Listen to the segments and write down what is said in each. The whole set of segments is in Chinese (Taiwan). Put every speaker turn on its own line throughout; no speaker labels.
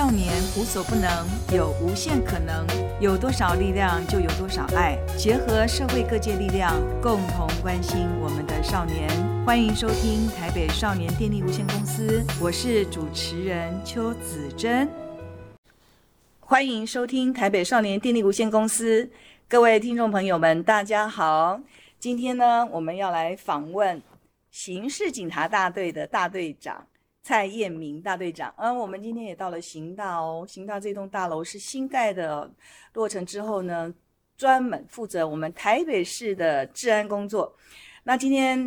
少年無所不能，有無限可能。有多少力量，就有多少愛。結合社會各界力量，共同關心我們的少年。歡迎收聽台北少年電力無限公司，我是主持人邱子珍。歡迎收聽台北少年電力無限公司，各位聽眾朋友們，大家好。今天呢，我們要來訪問刑事警察大隊的大隊長。蔡燕明大隊長，嗯，我們今天也到了刑大哦，刑大這棟大樓是新蓋的，落成之後呢，專門負責我們台北市的治安工作。那今天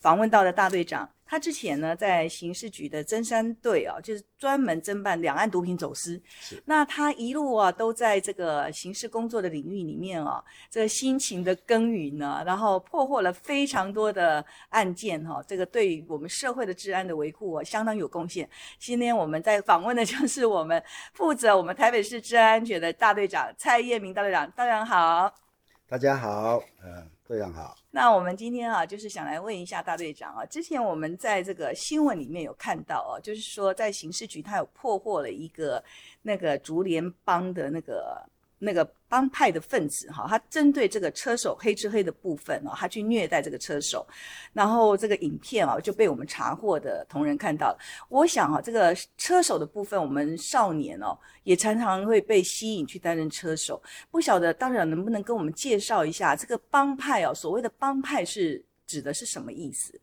訪問到的大隊長。他之前呢，在刑事局的偵三隊哦、啊，就是專門偵辦兩岸毒品走私。是，那他一路啊，都在這個刑事工作的領域裡面哦、啊，這個辛勤的耕耘呢，然後破獲了非常多的案件哈、啊，這個對於我們社會的治安的維護，哦，相當有貢獻。今天我們在訪問的就是我們負責我們台北市治安安全的大隊長蔡燕明大隊長，大家好。大家好，嗯、呃，隊長好。那我們今天啊，就是想來問一下大隊長啊，之前我們在這個新聞裡面有看到哦、啊，就是說在刑事局，他有破獲了一個那個竹聯幫的那個。那個幫派的分子哈、啊，他針對這個車手黑吃黑的部分哦、啊，他去虐待這個車手，然後這個影片啊就被我們查獲的同仁看到了。我想啊，這個車手的部分，我們少年哦、啊、也常常會被吸引去擔任車手。不曉得，當然能不能跟我們介紹一下這個幫派哦、啊？所謂的幫派是指的是什麼意思？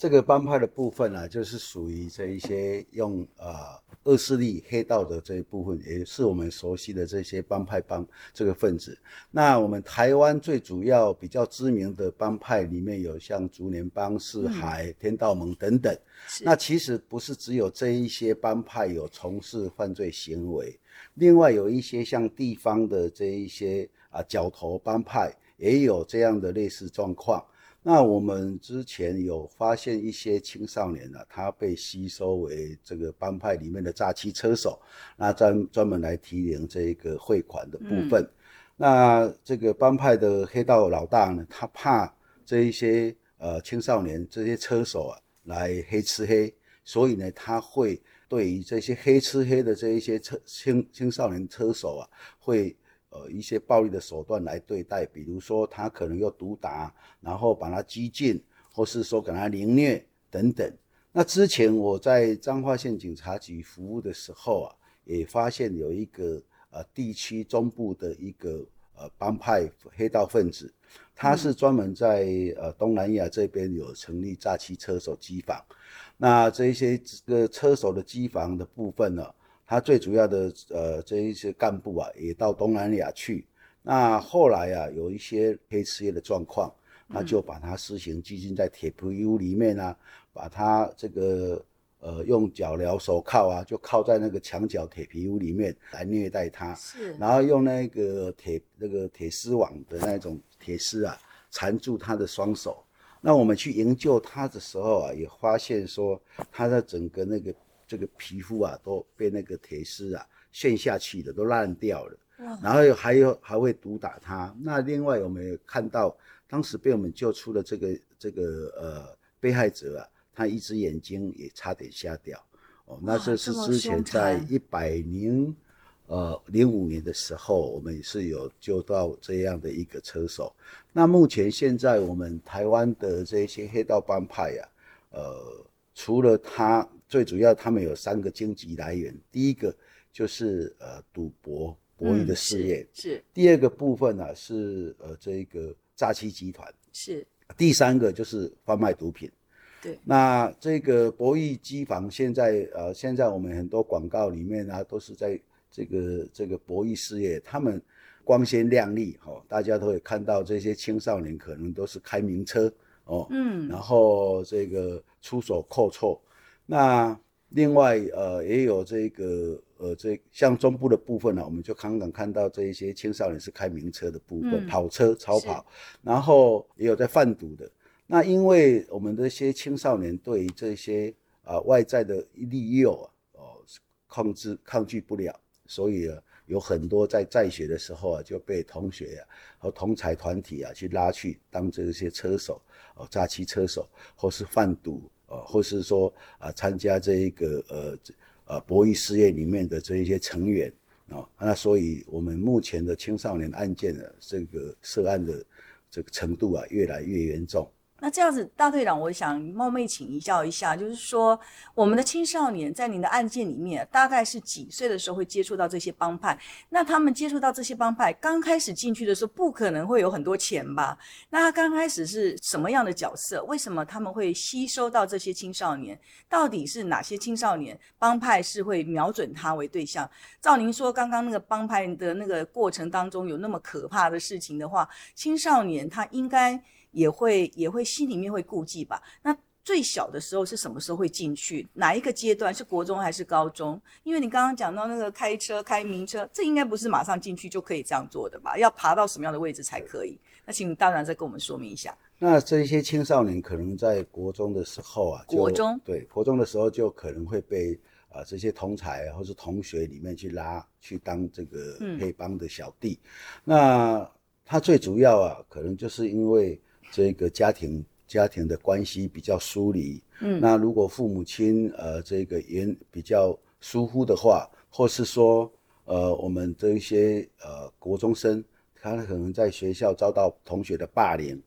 這個幫派的部分呢、啊，就是屬於這一些用啊、呃、惡勢力黑道的這一部分，也是我們熟悉的這些幫派幫這個分子。那我們台灣最主要比較知名的幫派裡面有像竹聯幫、四海、嗯、天道盟等等。那其實不是只有這一些幫派有從事犯罪行為，另外有一些像地方的這一些啊、呃、角頭幫派也有這樣的類似狀況。那我們之前有發現一些青少年呢、啊,他被吸收為這個幫派裡面的詐欺車手，那專專門來提領這一個匯款的部分。嗯、那這個幫派的黑道老大呢，他怕這一些呃青少年這些車手啊來黑吃黑，所以呢，他會對於這些黑吃黑的這一些車青青少年車手啊會。呃，一些暴力的手段來對待，比如說他可能要毒打，然後把他擊進，或是說給他凌虐等等。那之前我在彰化縣警察局服務的時候啊，也發現有一個呃地區中部的一個呃幫派黑道分子，他是專門在呃東南亞這邊有成立詐欺車手機房，那這些這個車手的機房的部分呢、啊？他最主要的呃，這一些幹部啊，也到東南亞去。那後來啊，有一些黑事業的狀況，那就把他私刑拘禁在鐵皮屋裡面呢、啊嗯，把他這個呃用腳鐐手銬啊，就銬在那個牆角鐵皮屋裡面來虐待他。是。然後用那個鐵那個鐵絲網的那種鐵絲啊，纏住他的雙手。那我們去營救他的時候啊，也發現說他的整個那個。這個皮膚啊都被那個鐵絲啊陷下去了，都爛掉了。嗯、然後還有還會毒打他。那另外我們也看到當時被我們救出的這個這個呃被害者啊，他一隻眼睛也差點瞎掉。哦，那這是之前在一百零呃零五年的時候，我們也是有救到這樣的一個車手。那目前現在我們台灣的這些黑道幫派呀、啊，呃，除了他。最主要，他們有三個經濟來源。第一個就是呃，賭博、博弈的事業；嗯、是，是第二個部分呢、啊，是呃，這個詐欺集團；
是
第三個就是販賣毒品。對。那這個博弈機房現在呃，現在我們很多廣告裡面呢、啊，都是在這個這個博弈事業，他們光鮮亮麗哦，大家都會看到這些青少年可能都是開名車哦，嗯，然後這個出手闊綽。那另外呃，也有這個呃這像中部的部分呢、啊，我們就剛剛看到這一些青少年是開名車的部分，嗯、跑車、超跑，然後也有在販毒的。那因為我們這些青少年對於這些啊、呃、外在的利誘啊，哦、呃，控制抗拒不了，所以、啊、有很多在在學的時候啊，就被同學啊和同儕團體啊去拉去當這些車手，哦、呃，詐欺車手或是販毒。呃，或是說啊，參加這一個呃呃，啊，博弈事業裡面的這一些成員啊，那所以我們目前的青少年案件的，啊，這個涉案的這個程度啊，越來越嚴重。
那這樣子，大隊長，我想冒昧請教一下，就是說，我們的青少年在您的案件裡面，大概是幾歲的時候會接觸到這些幫派？那他們接觸到這些幫派，剛開始進去的時候，不可能會有很多錢吧？那他剛開始是什麼樣的角色？為什麼他們會吸收到這些青少年？到底是哪些青少年幫派是會瞄準他為對象？照您說，剛剛那個幫派的那個過程當中有那麼可怕的事情的話，青少年他應該？也會也會心裡面會顧忌吧。那最小的時候是什麼時候會進去？哪一個階段是國中還是高中？因為你剛剛講到那個開車開名車，這應該不是馬上進去就可以這樣做的吧？要爬到什麼樣的位置才可以？那請大隊長再跟我們說明一下。
那這些青少年可能在國中的時候啊，國中對國中的時候就可能會被啊、呃、這些同儕、啊、或是同學裡面去拉去當這個黑幫的小弟、嗯。那他最主要啊，可能就是因為。這個家庭家庭的關係比較疏離，嗯，那如果父母親呃這個也比較疏忽的話，或是說呃我們這一些呃國中生，他可能在學校遭到同學的霸凌。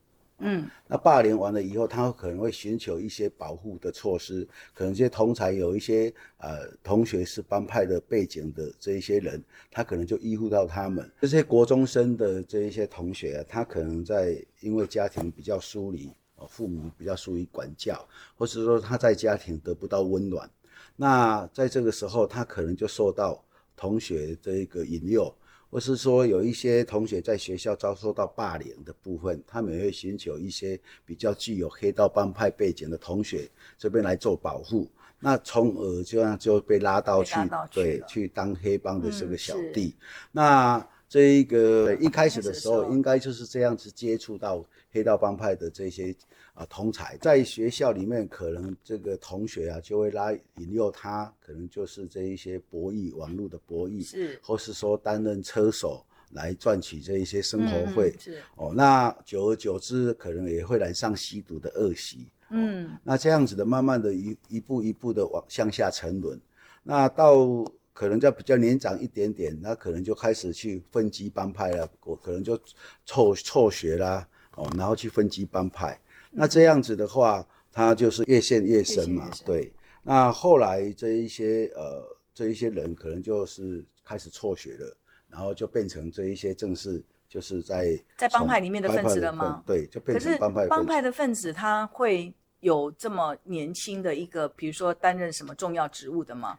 嗯，那霸凌完了以後，他可能會尋求一些保護的措施，可能這些同才有一些呃同學是幫派的背景的這一些人，他可能就依附到他們。這些國中生的這一些同學啊，他可能在因為家庭比較疏離，父母比較疏於管教，或是說他在家庭得不到溫暖，那在這個時候，他可能就受到同學這個引誘。或是說有一些同學在學校遭受到霸凌的部分，他們也會尋求一些比較具有黑道幫派背景的同學這邊來做保護，那從而這樣就被拉到去，到去對，去當黑幫的這個小弟。嗯、那。這個一開始的時候，應該就是這樣子接觸到黑道幫派的這些啊同儕在學校裡面，可能這個同學啊就會來引誘他，可能就是這一些博弈網絡的博弈，是，或是說擔任車手來賺取這一些生活費，嗯、是。哦，那久而久之，可能也會來上吸毒的惡習，嗯、哦，那這樣子的慢慢的一一步一步的往向下沉淪，那到。可能在比較年長一點點，那可能就開始去分級幫派了。我可能就輟輟學啦，哦，然後去分級幫派，嗯。那這樣子的話，他就是越陷越深嘛。越陷越深對。那後來這一些呃這一些人，可能就是開始輟學了，然後就變成這一些正式就是在在幫派裡面的分子了嗎？對，就變成幫派幫派
的分子，他會有這麼年輕的一個，比如說擔任什麼重要職務的嗎？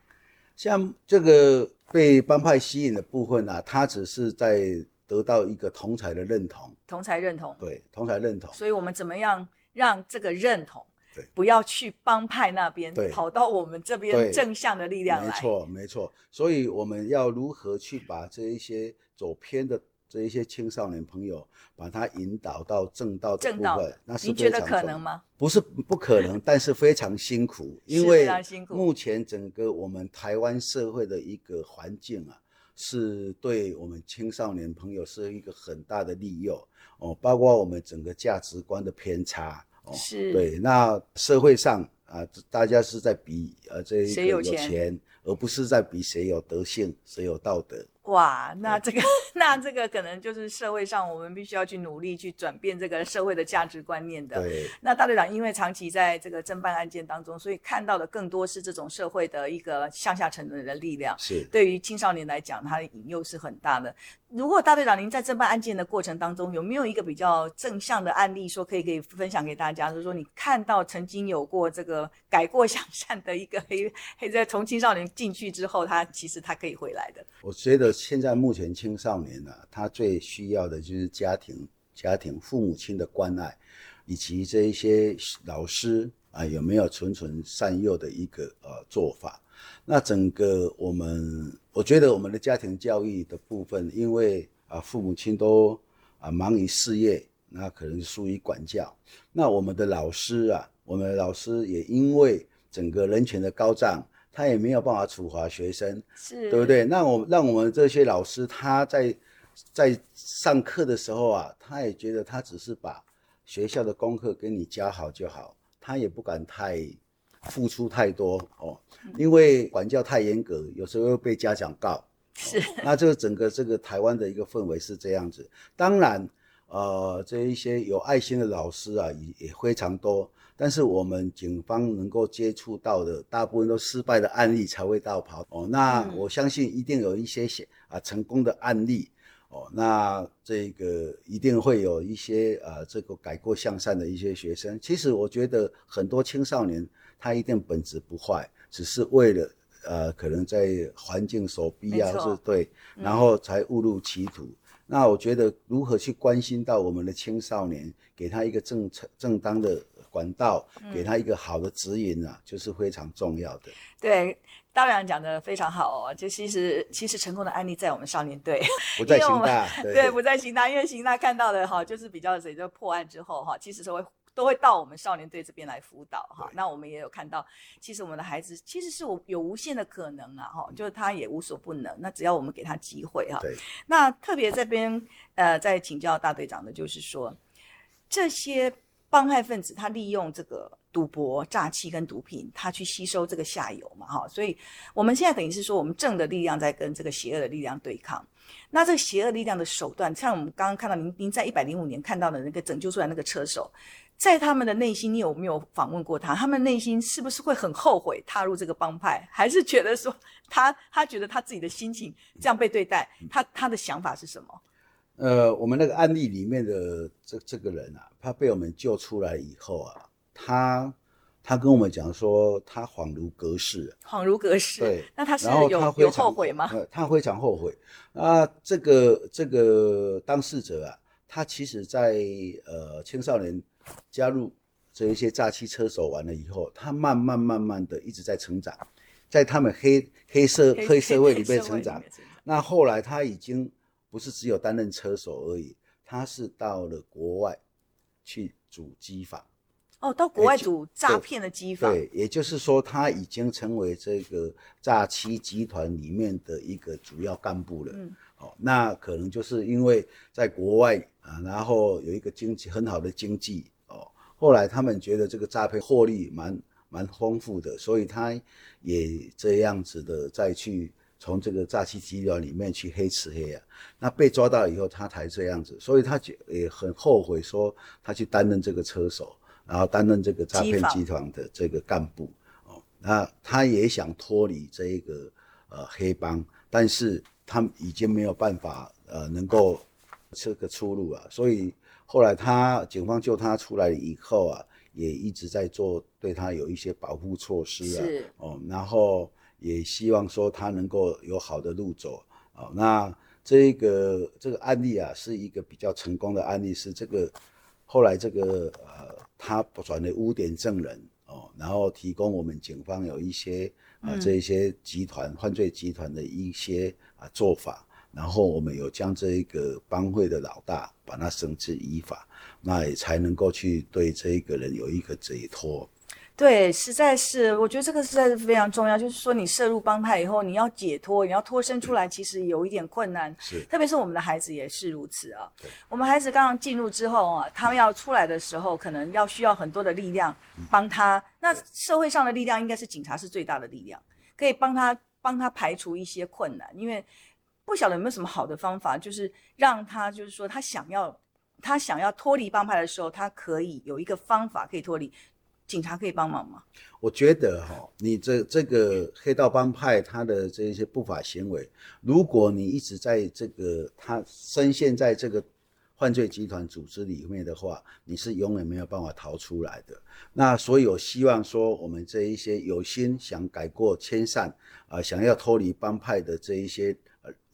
像這個被幫派吸引的部分啊，他只是在得到一個同儕的認同，
同儕認同，
對，同儕認同。所
以我們怎麼樣讓這個認同，對，不要去幫派那邊，對，跑到我們這邊正向的力量來，沒錯，
沒錯。所以我們要如何去把這一些走偏的？這一些青少年朋友把他引導到正道的部分。道那是你覺得可能嗎？不是不可能， 但是非常辛苦，因為目前整個我們台灣社會的一個環境啊，是對我們青少年朋友是一個很大的利誘哦，包括我們整個價值觀的偏差哦，是對那社會上啊、呃，大家是在比呃這一個，誰有錢，而不是在比誰有德性，誰有道德。
哇，那這個那這個可能就是社會上我們必須要去努力去轉變這個社會的價值觀念的。對。那大隊長因為長期在這個偵辦案件當中，所以看到的更多是這種社會的一個向下沉淪的力量。是。對於青少年來講，他的引誘是很大的。如果大隊長您在偵辦案件的過程當中，有沒有一個比較正向的案例，說可以可以分享給大家？就是說你看到曾經有過這個改過向善的一個黑黑，在從青少年進去之後，他其實他可以回來的。
我覺得。現在目前青少年啊，他最需要的就是家庭、家庭父母親的關愛，以及這一些老師啊有沒有循循善誘的一個呃做法？那整個我們，我覺得我們的家庭教育的部分，因為啊父母親都啊忙於事業，那可能疏於管教。那我們的老師啊，我們的老師也因為整個人權的高漲。他也沒有辦法處罰學生，是，對不對？那我讓我們這些老師，他在在上課的時候啊，他也覺得他只是把學校的功課給你教好就好，他也不敢太付出太多哦，因為管教太嚴格，有時候又被家長告。哦、是。那這個整個這個台灣的一個氛圍是這樣子。當然，呃，這一些有愛心的老師啊，也也非常多。但是我們警方能夠接觸到的大部分都失敗的案例才會到跑哦，那我相信一定有一些些啊、呃、成功的案例哦，那這個一定會有一些啊、呃、這個改過向善的一些學生。其實我覺得很多青少年他一定本質不壞，只是為了呃可能在環境所逼啊，是對，然後才誤入歧途、嗯。那我覺得如何去關心到我們的青少年，給他一個正正正當的。管道，給他一個好的指引啊，就是非常重要的。
對，當然講的非常好哦。就其實，其實成功的案例在我們少年隊，不在刑大。對，對，不在刑大，因為刑大看到的哈，就是比較誰就破案之後哈，其實都會都會到我們少年隊這邊來輔導哈。那我們也有看到，其實我們的孩子其實是有無限的可能啊哈，就是他也無所不能。那只要我們給他機會哈、啊。對。那特別這邊呃，在請教大隊長的就是說這些。幫派分子他利用這個賭博、詐欺跟毒品，他去吸收這個下游嘛，哈，所以我們現在等於是說，我們正的力量在跟這個邪惡的力量對抗。那這個邪惡力量的手段，像我們剛剛看到您您在一百零五年看到的那個拯救出來那個車手，在他們的內心，你有沒有訪問過他？他們內心是不是會很後悔踏入這個幫派？還是覺得說他他覺得他自己的心情這樣被對待，他他的想法是什麼？.
呃，我們那個案例裡面的這這個人啊，他被我們救出來以後啊，他他跟我們講說，他恍如隔世，
恍如隔世。對，那他是有有後悔嗎？然後
他，他非常後悔。啊，這個這個當事者啊，他其實在呃青少年加入這一些詐欺車手完了以後，他慢慢慢慢的一直在成長，在他們黑黑，黑社黑，黑社會裡面成長。那後來他已經。不是只有擔任車手而已，他是到了國外去組機房。
哦，到國外組詐騙的機房對。對，
也就是說，他已經成為這個詐欺集團裡面的一個主要幹部了。嗯。哦，那可能就是因為在國外啊，然後有一個經濟，很好的經濟哦，後來他們覺得這個詐騙獲利蠻蠻豐富的，所以他也這樣子的再去。從這個詐欺集團裡面去黑吃黑啊，那被抓到以後，他才這樣子，所以他就也很後悔，說他去擔任這個車手，然後擔任這個詐騙集團的這個幹部哦。那他也想脫離這個呃黑幫，但是他已經沒有辦法呃能夠這個出路啊。所以後來他警方救他出來以後啊，也一直在做對他有一些保護措施啊是，哦，然後。也希望說他能夠有好的路走啊、哦。那這一個這個案例啊，是一個比較成功的案例，是這個後來這個呃，他轉為污點證人哦，然後提供我們警方有一些啊、呃，這一些集團犯罪集團的一些啊、呃、做法，然後我們有將這一個幫會的老大把他繩之以法，那也才能夠去對這一個人有一個解脫。
對，實在是，我覺得這個實在是非常重要。就是說，你涉入幫派以後，你要解脫，你要脫身出來，其實有一點困難。是，特別是我們的孩子也是如此啊。對，我們孩子剛剛進入之後啊，他們要出來的時候，可能要需要很多的力量幫他、嗯。那社會上的力量應該是警察是最大的力量，可以幫他幫他排除一些困難。因為不曉得有沒有什麼好的方法，就是讓他就是說他想要他想要脫離幫派的時候，他可以有一個方法可以脫離。警察可以幫忙嗎？
我覺得哈，你這這個黑道幫派他的這些不法行為，如果你一直在這個他深陷在這個犯罪集團組織裡面的話，你是永遠沒有辦法逃出來的。那所以我希望說，我們這一些有心想改過遷善啊、呃，想要脫離幫派的這一些。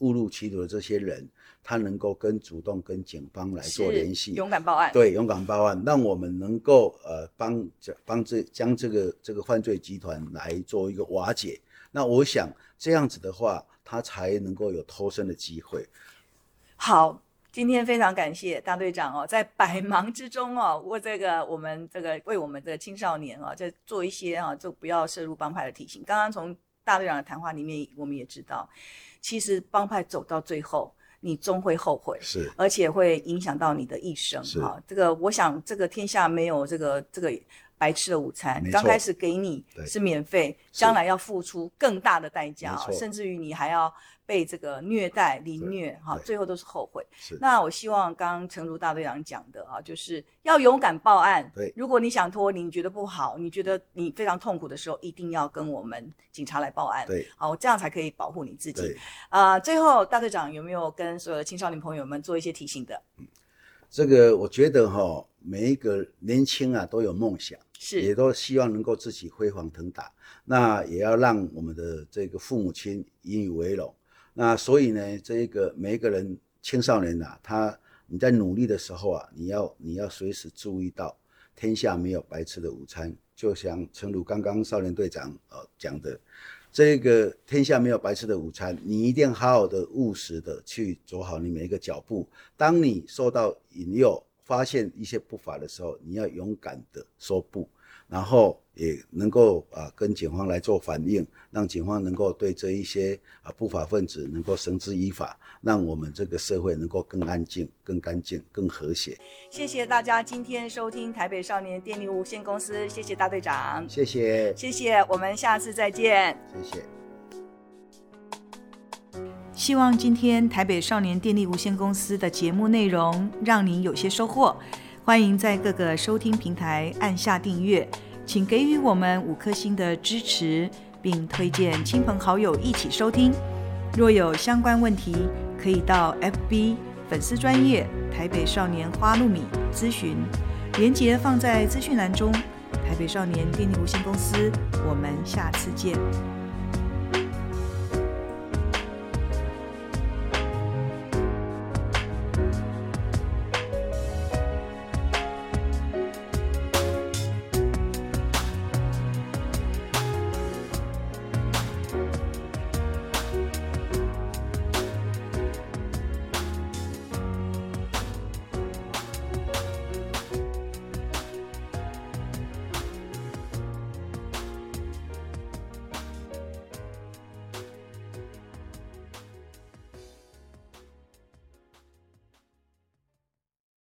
誤入歧途的這些人，他能夠跟主動跟警方來做聯繫，勇敢報案，對，勇敢報案，讓我們能夠呃幫幫這，幫這將這個這個犯罪集團來做一個瓦解。那我想這樣子的話，他才能夠有脫身的機會。
好，今天非常感謝大隊長哦，在百忙之中哦，為這個我們這個為我們的青少年啊、哦，在做一些啊、哦，就不要涉入幫派的提醒。剛剛從。大隊長的談話裡面，我們也知道，其實幫派走到最後，你終會後悔，是，而且會影響到你的一生。啊，這個，我想，這個天下沒有這個這個。白吃的午餐，剛開始給你是免費，將來要付出更大的代價，啊，甚至於你還要被這個虐待、凌虐，哈、啊，最後都是後悔。那我希望剛剛誠如大隊長講的啊，就是要勇敢報案。對，如果你想脫離，你覺得不好，你覺得你非常痛苦的時候，一定要跟我們警察來報案。對，好、啊，這樣才可以保護你自己。啊，最後大隊長有沒有跟所有的青少年朋友們做一些提醒的？
這個我覺得哈，每一個年輕啊都有夢想，是也都希望能夠自己飛黃騰達，那也要讓我們的這個父母親引以為榮。那所以呢，這個每一個人青少年吶、啊，他你在努力的時候啊，你要你要隨時注意到，天下沒有白吃的午餐。就像誠如剛剛少年隊長哦、呃、講的。這個天下沒有白吃的午餐，你一定好好的務實的去走好你每一個腳步。當你受到引誘，發現一些不法的時候，你要勇敢的說不。然後也能夠啊跟警方來做反映，讓警方能夠對這一些啊不法分子能夠繩之以法，讓我們這個社會能夠更安靜、更乾淨、更和諧。
謝謝大家今天收聽台北少年電力無限公司，謝謝大隊長，謝謝，謝謝，我們下次再見，謝謝。希望今天台北少年電力無限公司的節目內容讓您有些收穫。歡迎在各個收聽平台按下訂閱，請給予我們五顆星的支持，並推薦親朋好友一起收聽。若有相關問題，可以到 FB 粉絲專頁台北少年花路米諮詢，連結放在資訊欄中。台北少年電力無限公司，我們下次見。